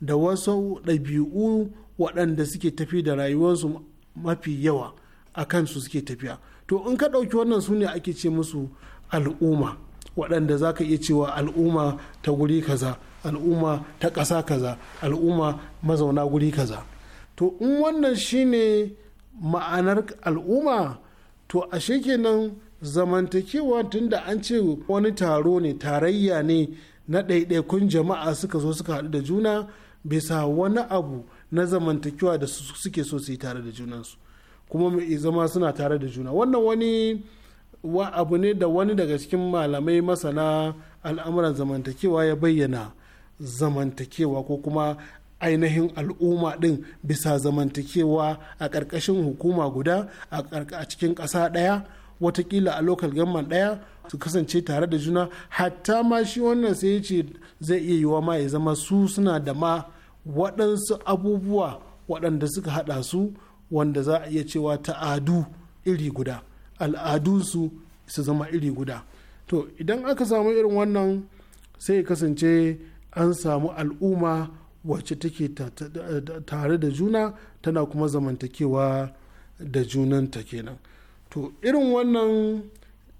da wasu ɗabi'u waɗanda suke tafi da rayuwarsu mafi yawa a kansu suke tafiya to in ka ɗauki wannan su ne ake ce musu al'umma waɗanda za ka iya cewa al'umma ta guri kaza al'umma ta ƙasa kaza al'umma mazauna guri kaza to in wannan shine ma'anar al'umma to ashe kenan zamantakewa tun da an ce wani taro ne tarayya ne na ɗaiɗaikun jama'a suka zo suka haɗu da juna bisa wani abu na zamantakewa da suke so su yi tare da junansu kuma mai zama suna tare da juna wannan wani abu ne da wani daga cikin malamai masana al'amuran zamantakewa ya bayyana zamantakewa ko kuma ainihin al'umma ɗin bisa zamantakewa a ƙarƙashin hukuma guda a cikin ƙasa ɗaya watakila a local government ɗaya su kasance tare da juna hatta ma shi wannan sai ce zai iya yiwa ma ya zama su suna da ma waɗansu abubuwa waɗanda suka haɗa su wanda za a iya cewa ta'adu iri guda al'adunsu su zama iri guda to idan aka samu irin wannan sai ya kasance an samu al'umma wacce take tare da juna tana kuma zamantakewa da junanta kenan to irin wannan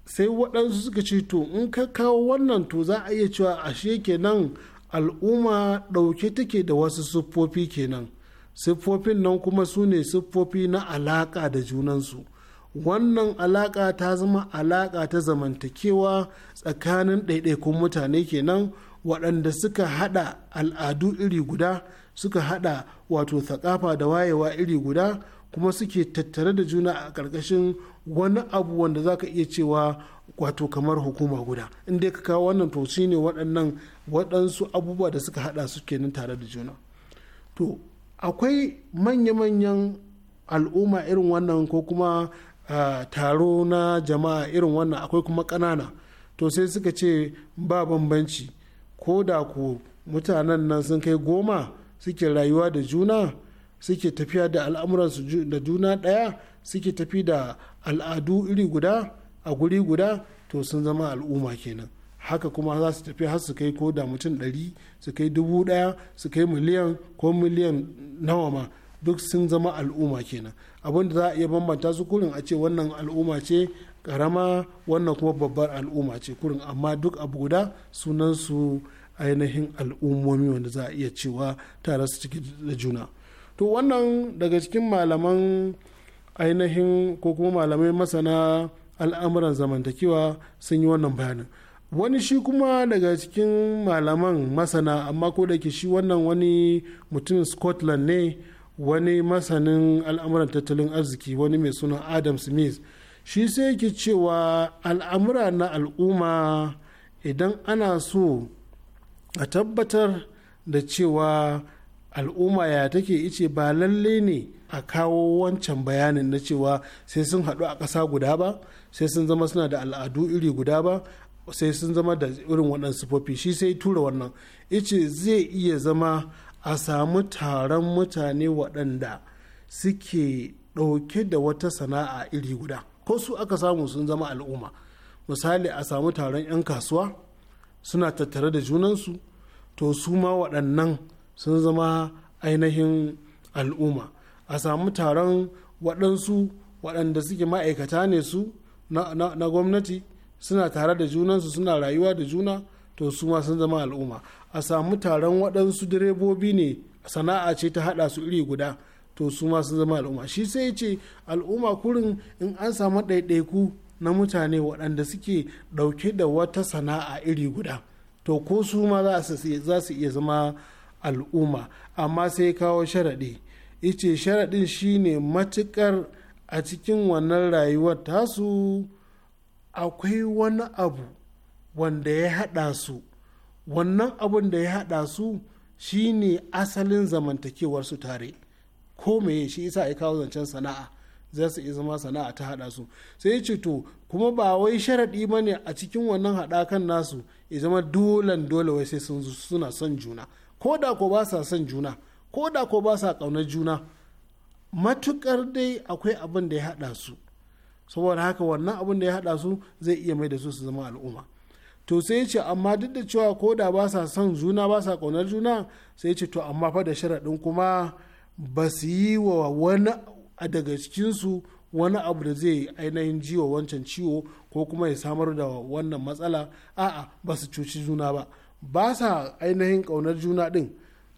sai waɗansu suka ce to in ka kawo wannan to za a iya cewa ashe kenan al'umma ɗauke take da wasu siffofi kenan siffofin nan kuma su ne siffofi na alaƙa da junansu wannan alaƙa ta zama alaƙa ta zamantakewa tsakanin ɗaiɗaikun mutane kenan waɗanda suka haɗa al'adu iri guda suka haɗa wato thakafa da wayewa iri guda kuma suke tattare da juna a ƙarƙashin wani abu wanda za ka iya cewa wato kamar hukuma guda inda dai ka kawo wannan to shi ne waɗannan waɗansu abubuwa da suka haɗa su kenan tare da juna to akwai manya-manyan al'umma irin wannan ko kuma taro na jama'a irin wannan akwai kuma ƙanana to sai suka ce ba bambanci ko da ku mutanen nan sun kai goma suke rayuwa da juna suke tafiya da al'amuransu da juna ɗaya suke tafi da al'adu iri guda a guri guda to sun zama al'umma kenan haka kuma za su tafi har su kai ko da mutum ɗari su kai dubu ɗaya su kai miliyan ko miliyan nawa ma duk sun zama al'umma kenan abin da za a iya bambanta su kurin a ce wannan al'umma ce karama wannan kuma babbar al'umma ce kurin amma duk abu guda sunan su ainihin al'ummomi wanda za a iya cewa tare su ciki da juna to wannan daga cikin malaman ainihin ko kuma malamai masana al'amuran zamantakewa sun yi wannan bayanin wani shi kuma daga cikin malaman masana amma ko da ke shi wannan wani mutum scotland ne wani masanin al'amuran tattalin arziki wani mai suna adam smith shi sai ke cewa al'amura na al'umma idan ana so a tabbatar da cewa al'umma ya take ice ba lalle ne a kawo wancan bayanin na cewa sai sun haɗu a ƙasa guda ba sai sun zama suna da al'adu iri guda ba sai sun zama da irin waɗansu sufofi shi sai tura wannan ice zai iya zama a samu taron mutane waɗanda suke ɗauke da wata sana'a iri guda ko su aka samu sun zama al'umma misali a samu taron 'yan kasuwa suna tattare da junansu to su ma waɗannan sun zama ainihin al'umma a samu taron waɗansu waɗanda suke ma'aikata ne su na gwamnati suna tare da junansu suna rayuwa da juna to su ma sun zama al'umma a samu taron waɗansu direbobi ne sana'a ce ta haɗa su iri guda to su ma sun zama al'umma shi sai ce al'umma kurin in an samu ɗaiɗaiku na mutane waɗanda suke ɗauke da wata sana'a iri guda to ko su ma za su iya zama al'umma amma sai kawo sharaɗi ice sharaɗin shine matukar a cikin wannan rayuwar tasu akwai wani abu wanda ya haɗa su wannan abun da ya haɗa su shine asalin zamantakewar su tare ko meye shi isa ya kawo zancen sana'a za su iya zama sana'a ta haɗa su sai ce to kuma ba wai sharaɗi ba ne a cikin wannan haɗakan nasu ya zama dolan dole wai sai suna son juna ko da ko ba sa son juna ko da ko ba sa ƙaunar juna matukar dai akwai abin da ya haɗa su saboda haka wannan abin da ya haɗa su zai iya mai da su su zama al'umma to sai ya ce amma duk da cewa ko da ba sa son juna ba sa ƙaunar juna sai ya ce to amma fa da sharaɗin kuma ba su yi wa wani daga cikinsu wani abu da zai ainihin jiwa wancan ciwo ko kuma ya samar da wannan matsala a'a ba su cuci juna ba ba sa ainihin ƙaunar juna ɗin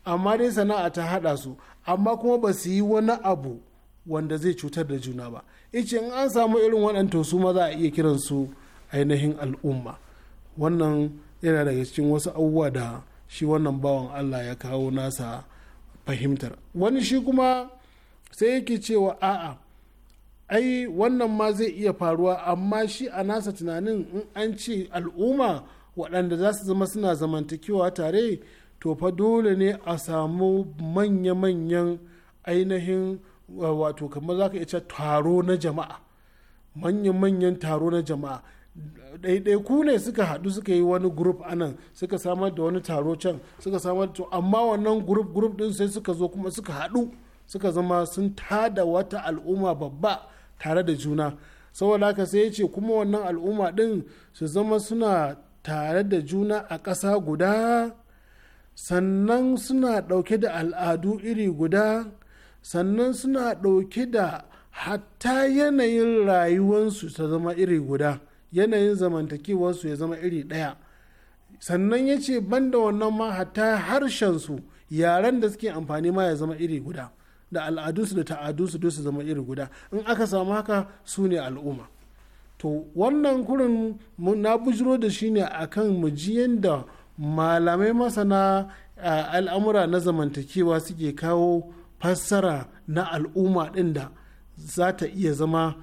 amma dai sana'a ta haɗa su amma kuma ba su yi wani abu wanda zai cutar da juna ba ice in an samu irin waɗanta su ma za a iya kiran su ainihin al'umma wannan yana daga cikin wasu abubuwa da shi wannan bawan allah ya kawo nasa fahimtar wani shi kuma sai yake cewa a'a ai wannan ma zai iya faruwa amma shi a nasa tunanin in an ce al'umma waɗanda za su zama suna zamantakewa tare to fa dole ne a samu manya-manyan ainihin wato kamar za ka iya taro na jama'a manya-manyan taro na jama'a ɗaiɗai ku ne suka haɗu suka yi wani grup anan suka samar da wani taro can suka samar to amma wannan grup grup ɗin sai suka zo kuma suka haɗu suka zama sun tada wata al'umma babba tare da juna saboda haka sai ya ce kuma wannan al'umma ɗin su zama suna tare da juna a ƙasa guda sannan suna ɗauke da al'adu iri guda sannan suna ɗauke da hatta yanayin rayuwansu ta zama iri guda yanayin zamantakewarsu ya zama iri ɗaya sannan ya ce banda wannan ma hatta harshensu yaren da suke amfani ma ya zama iri guda da al'adunsu da ta'adunsu su zama iri guda in aka samu haka su ne al'umma to wannan kurin na bujiro da shi ne akan kan ji yadda malamai masana al'amura na zamantakewa suke kawo fassara na al'umma ɗin da za ta iya zama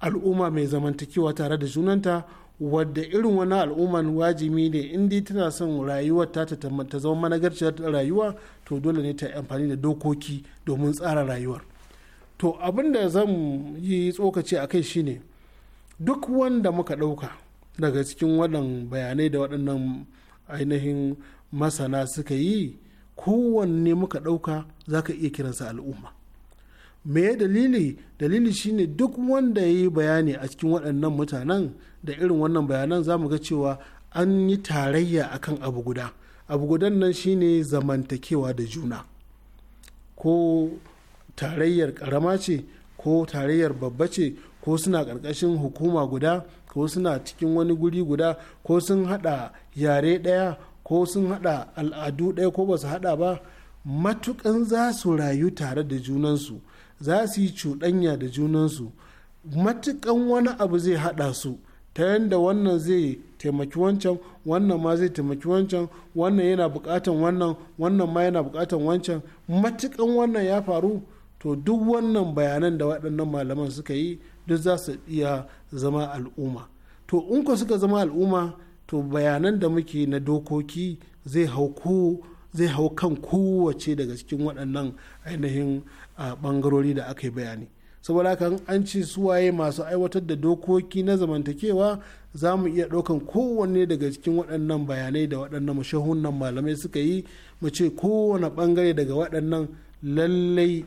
al'umma mai zamantakewa tare da junanta wadda irin wani al'umman wajimi ne indai tana son rayuwar ta ta zama managarciyar rayuwa to dole ne ta amfani da dokoki domin tsara rayuwar to abin da zan yi tsokaci a kai shine duk wanda muka ɗauka daga cikin waɗannan bayanai da waɗannan ainihin masana suka yi kowanne muka ɗauka za ka iya kiransa al'umma me ya dalili dalili shine duk wanda ya yi bayani a cikin waɗannan mutanen da irin wannan bayanan za mu ga cewa an yi tarayya akan abu guda abu gudan nan shine zamantakewa da juna ko tarayyar karama ce ko tarayyar babba ce ko suna ƙarƙashin hukuma guda ko suna cikin wani guri guda ko sun haɗa yare ɗaya ko sun haɗa al'adu ɗaya ko ba su haɗa ba matukan za su rayu tare da junansu za su yi cuɗanya da junansu matukan wani abu zai haɗa su ta yadda wannan zai taimaki wancan wannan ma zai taimaki wancan wannan yana buƙatan wannan wannan ma yana buƙatan wancan matukan wannan ya faru to duk wannan bayanan da waɗannan malaman suka yi duk za su iya zama al'umma to in ku suka zama al'umma to bayanan da muke na dokoki zai hau zai hau kan kowace daga cikin waɗannan ainihin ɓangarori da aka yi bayani saboda haka an ce suwaye masu aiwatar da dokoki na zamantakewa za mu iya ɗaukan kowanne daga cikin waɗannan bayanai da waɗannan mashahunan malamai suka yi mu ce kowane ɓangare daga waɗannan lallai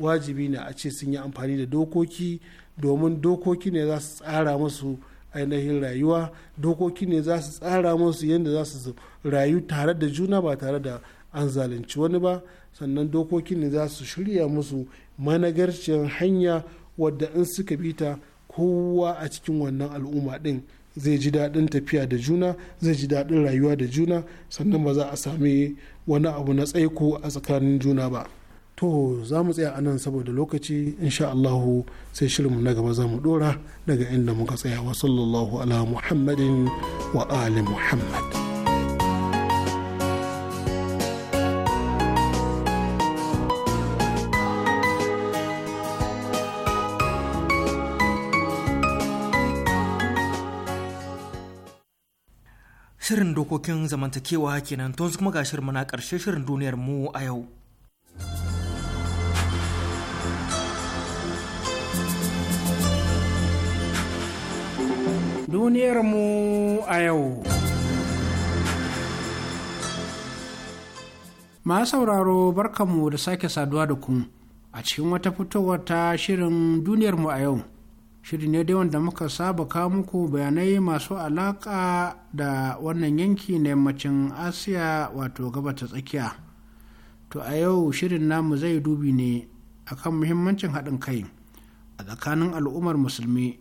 wajibi ne a ce sun yi amfani da dokoki domin dokoki ne za su tsara musu ainihin rayuwa dokoki ne za su tsara musu yadda za su rayu tare da juna ba tare da an zalunci wani ba sannan dokoki ne za su shirya musu managarciyar hanya wadda in suka bi ta kowa a cikin wannan al'umma din zai ji daɗin tafiya da juna zai ji daɗin rayuwa da juna sannan ba za a sami wani abu na tsaiko a tsakanin juna ba to za mu tsaya anan saboda lokaci insha Allahu sai shirinmu na gaba za mu dora daga inda muka tsaya wa sallallahu ala muhammadin wa ali muhammad Shirin dokokin zamantakewa kenan tun kuma ga shirin na ƙarshe shirin duniyar mu a yau. Duniyarmu a yau. Ma sauraro barkanmu da sake saduwa da ku a cikin wata fitowar ta shirin duniyarmu a yau. Shiri ne dai wanda muka saba ka muku bayanai masu alaka da wannan yanki na yammacin Asiya wato gaba ta tsakiya. To a yau shirin namu zai dubi ne akan muhimmancin haɗin kai a tsakanin al'ummar musulmi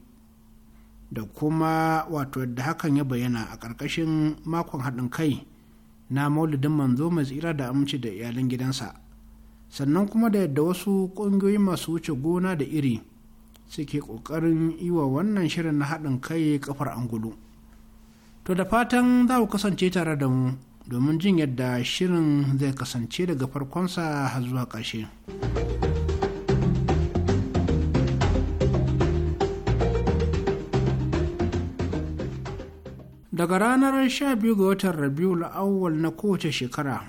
da kuma wato da hakan ya bayyana a ƙarƙashin makon haɗin kai na maulidin manzo mai tsira da amince da iyalin gidansa sannan kuma da yadda wasu ƙungiyoyi masu wuce gona da iri suke ƙoƙarin yi wa wannan shirin na haɗin kai kafar angulu to da fatan za ku kasance tare da mu domin jin yadda shirin zai kasance daga farkonsa har zuwa ƙarshe. daga ranar 12 ga watan rabiul awwal na kowace shekara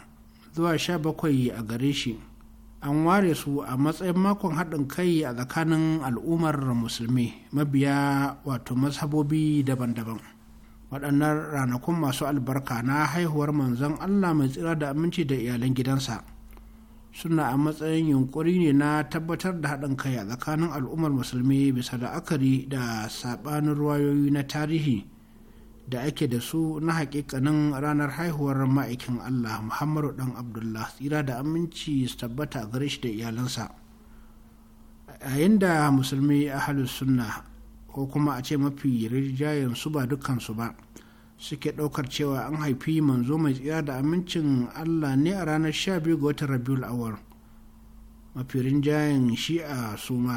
zuwa 17 a gare shi an ware su a matsayin makon haɗin kai a tsakanin al'ummar musulmi mabiya wato mazhabobi daban-daban waɗannan ranakun masu albarka na haihuwar manzon allah mai tsira da aminci da iyalan gidansa suna a matsayin yunkuri ne na tabbatar da haɗin kai a tsakanin al'ummar musulmi bisa la'akari da saɓanin ruwayoyi na tarihi da ake da su na hakikanin ranar haihuwar ma'aikin Allah Muhammadu dan Abdullah tsira da aminci su tabbata gare shi da iyalansa yayin da musulmi ahalus sunna ko kuma a ce mafi rijayen su ba dukansu ba suke ɗaukar cewa an haifi manzo mai tsira da amincin Allah ne a ranar 12 ga watan Rabiul Awwal mafi rinjayen shi'a su ma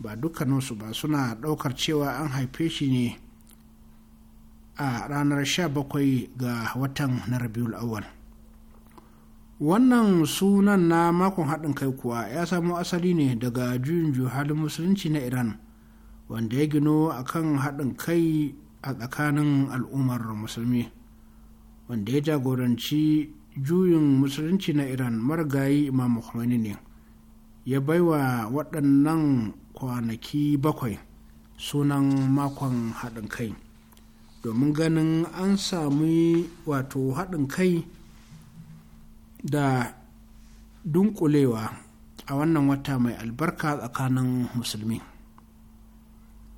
ba dukkaninsu ba suna ɗaukar cewa an haife shi ne a ranar 17 ga watan na rabiul awal wannan sunan na makon haɗin kai kuwa ya samo asali ne daga juyin halin musulunci na iran wanda ya gino akan haɗin kai a tsakanin al'ummar musulmi wanda ya jagoranci juyin musulunci na iran marigayi imam khomeini ne ya baiwa waɗannan kwanaki bakwai sunan makon haɗin kai domin ganin an sami wato haɗin kai da dunkulewa a wannan wata mai albarka tsakanin musulmi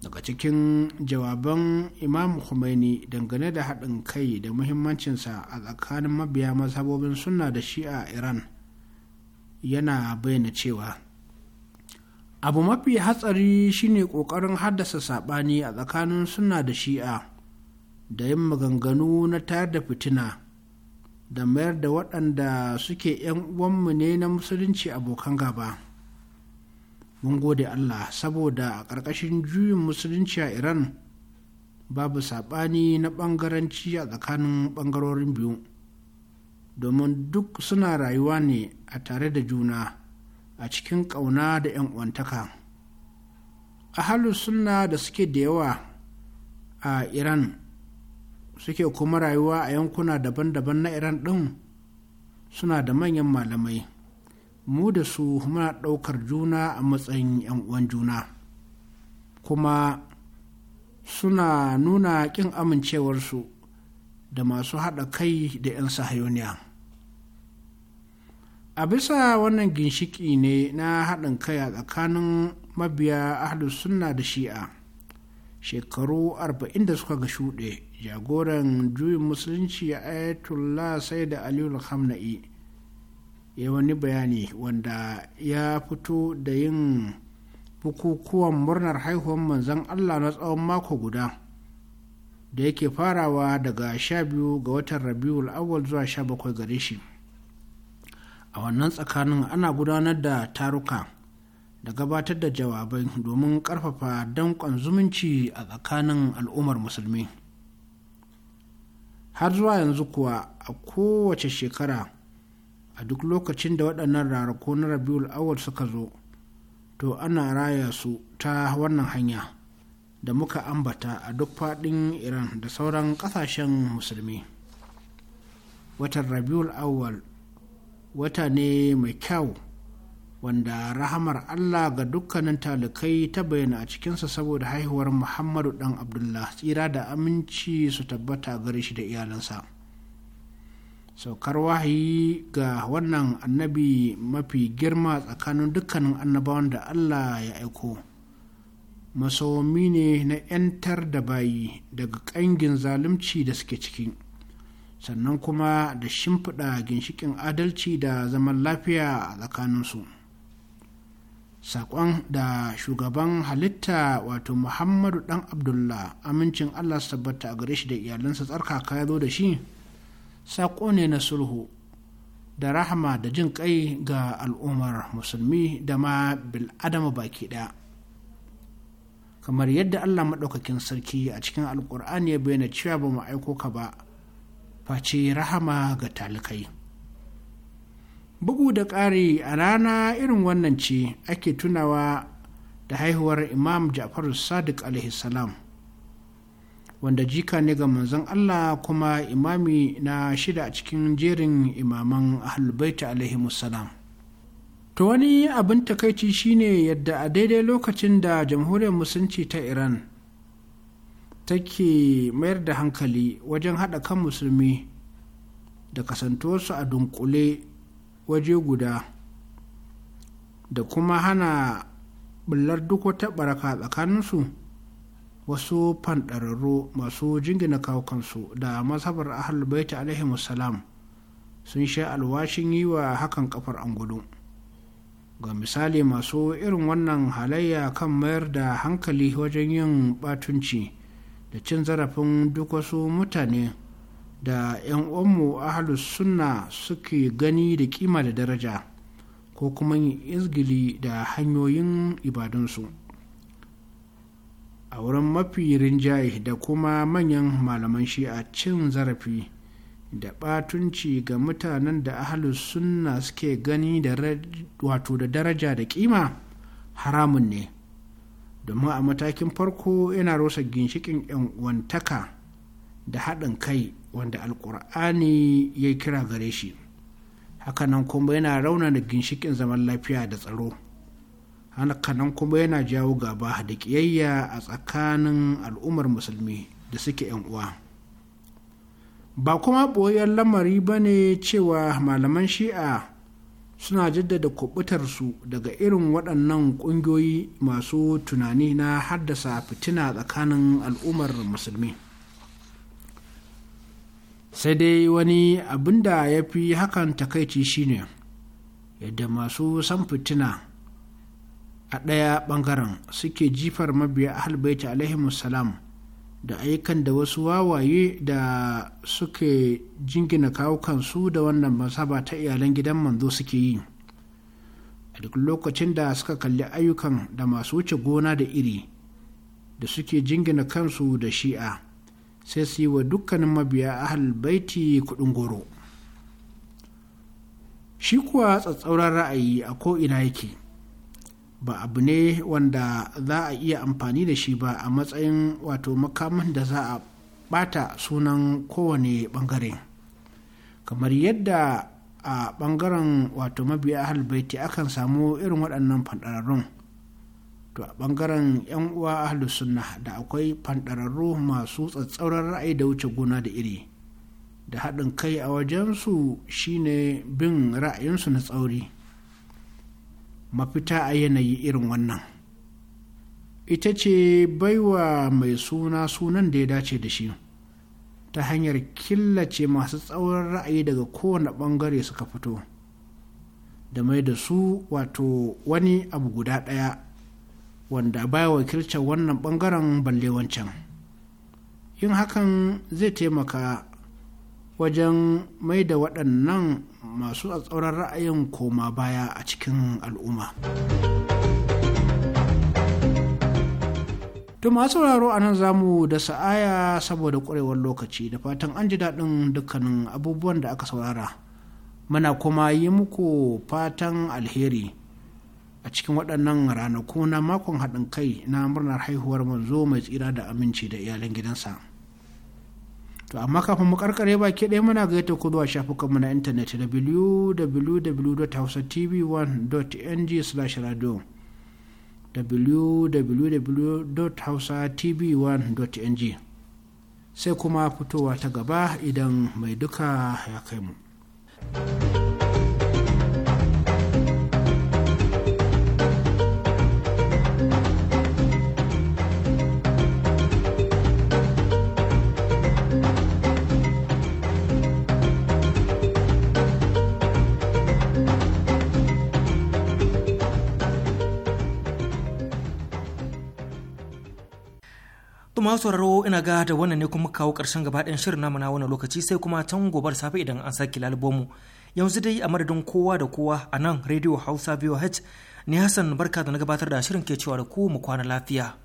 daga cikin jawaban imam Khomeini dangane da haɗin kai da muhimmancinsa a tsakanin mabiya mazhabobin sunna da shi'a iran yana bayyana cewa abu mafi hatsari shine ƙoƙarin haddasa saɓani a tsakanin sunna da shi'a da yin maganganu na tayar da fitina da mayar da waɗanda suke 'yan uwanmu ne na musulunci abokan gaba mun gode allah saboda a ƙarƙashin juyin musulunci a iran babu saɓani na ɓangaranci a tsakanin ɓangarorin biyu domin duk suna rayuwa ne a tare da juna a cikin ƙauna da 'yan uwantaka A halin suna da suke da yawa a iran suke kuma rayuwa a yankuna daban-daban na iran ɗin suna da manyan malamai mu da su muna ɗaukar juna a matsayin 'yan uwan juna kuma suna nuna ƙin amincewarsu da masu haɗa kai da 'yan sahayoniya a bisa wannan ginshiki ne na haɗin kai a tsakanin mabiya ahlus sunna da shi'a shekaru arba'in da suka ga shuɗe jagoran juyin musulunci ayatollah sai da aliyu hamna'i ya wani bayani wanda ya fito da yin bukukuwan murnar haihuwar manzon allah na tsawon mako guda da yake farawa daga sha biyu ga watan rabiul awwal zuwa Sha bakwai gare shi a wannan tsakanin ana gudanar da taruka da gabatar da jawabai domin karfafa danƙon zumunci a tsakanin al'ummar musulmi har zuwa yanzu kuwa a kowace shekara a duk lokacin da waɗannan rarako na rabiul awal suka zo to ana raya su ta wannan hanya da muka ambata a duk faɗin iran da sauran ƙasashen musulmi watan rabiul awal wata ne mai kyau wanda rahamar Allah ga dukkanin talikai ta bayyana a cikinsa saboda haihuwar Muhammadu ɗan Abdullah tsira da aminci su tabbata gare shi da iyalansa. Saukar wahayi ga wannan annabi mafi girma tsakanin dukkanin annabawan da Allah ya aiko. Masomi ne na 'yantar da bayi daga ƙangin zalunci da suke ciki. sannan kuma da shimfiɗa ginshikin adalci da zaman lafiya a tsakaninsu. saƙon da shugaban halitta wato muhammadu dan abdullah amincin allah su a gare shi da iyalansa tsarkaka ya zo da shi saƙo ne na sulhu da rahama da jin kai ga al'ummar musulmi da ma bil'adama baki ɗaya kamar yadda allah maɗaukakin sarki a cikin alƙur'ani ya bayyana cewa ba mu aiko ka ba face rahama ga talikai bugu da ƙari a rana irin wannan ce ake tunawa da haihuwar imam ja'far sadiq salam wanda jika ne ga manzon allah kuma imami na shida a cikin jerin imaman ahalubaita salam to wani abin takaici shine yadda a daidai lokacin da jamhuriyar musulunci ta iran take mayar da hankali wajen haɗa kan musulmi da kasantuwarsu a dunkule waje guda da kuma hana bullar duk wata baraka tsakaninsu wasu fanɗararru masu jingina kawukansu da mazhabar ahalubaita alaihi salam sun sha alwashin yi wa hakan kafar angulu ga misali masu irin wannan halayya kan mayar da hankali wajen yin batunci da cin zarafin duk wasu mutane da 'yan uwanmu ahalus sunna suke gani da kima da daraja ko kuma yin izgili da hanyoyin ibadunsu a wurin mafi rinjaye da kuma manyan malaman shi'a cin zarafi da ɓatunci ga mutanen da ahalus sunna suke gani da wato da daraja da kima haramun ne domin a matakin farko yana rusa ginshikin 'yan uwantaka da haɗin kai wanda alkur'ani ya kira gare shi hakanan kuma yana raunana ginshikin zaman lafiya da tsaro hakanan kuma yana jawo gaba da ƙiyayya a tsakanin al'ummar musulmi da suke 'yan uwa ba kuma ɓoyar lamari ba ne cewa malaman shi'a suna jaddada kubutarsu daga irin waɗannan ƙungiyoyi masu tunani na haddasa fitina tsakanin al'ummar musulmi sai dai wani abin da ya fi hakan takaici shine yadda masu san fitina a ɗaya ɓangaren suke jifar mabiya ahalbaita salam da ayyukan da wasu wawaye da suke jingina kawo kansu da wannan masaba ta iyalan gidan manzo suke yi a duk lokacin da suka kalli ayyukan da masu wuce gona da iri da suke jingina kansu da shi'a sai su yi wa dukkanin mabiya ahal baiti kuɗin goro shi kuwa tsatsauran ra'ayi a ko'ina yake ba abu ne wanda za a iya amfani da shi ba a matsayin wato makamin da za a bata sunan kowane bangare kamar yadda a bangaren wato mabiya ahal baiti akan samu irin waɗannan fadararrun to a bangaren yan uwa ahlus sunna da akwai fandararru masu tsatsauran ra'ayi da wuce gona da iri da haɗin kai a wajensu shine bin ra'ayinsu na tsauri mafita a yanayi irin wannan ita ce baiwa mai suna sunan da ya dace da shi ta hanyar killace masu tsauran ra'ayi daga kowane ɓangare suka fito da mai da su wato wani abu guda ɗaya wanda baya wakiltar wannan bangaren balle wancan yin hakan zai taimaka wajen mai da waɗannan masu tsauran ra'ayin koma baya a cikin al'umma. To masu sauraro a nan zamu da sa'aya saboda ƙwarewar lokaci da fatan an ji daɗin dukkanin abubuwan da aka saurara. Muna kuma yi muku fatan alheri. a cikin waɗannan ranaku na makon haɗin kai na murnar haihuwar manzo mai tsira da aminci da iyalan gidansa to amma kafin mu karkare baki ɗaya muna gaita ku zuwa shafukanmu na intanet www.hausatv1.ng/radio www.hausatv1.ng sai kuma fitowa ta gaba idan mai duka ya kai mu. thank you masu sauraro ina ga da wannan ne kuma kawo ƙarshen gabaɗayan shirin namu na wannan lokaci sai kuma can gobe da safe idan an sake lalbomu yanzu dai a madadin kowa da kowa a nan rediyo hausa voh ne hassan barka da na gabatar da shirin ke cewa da ku mu kwana lafiya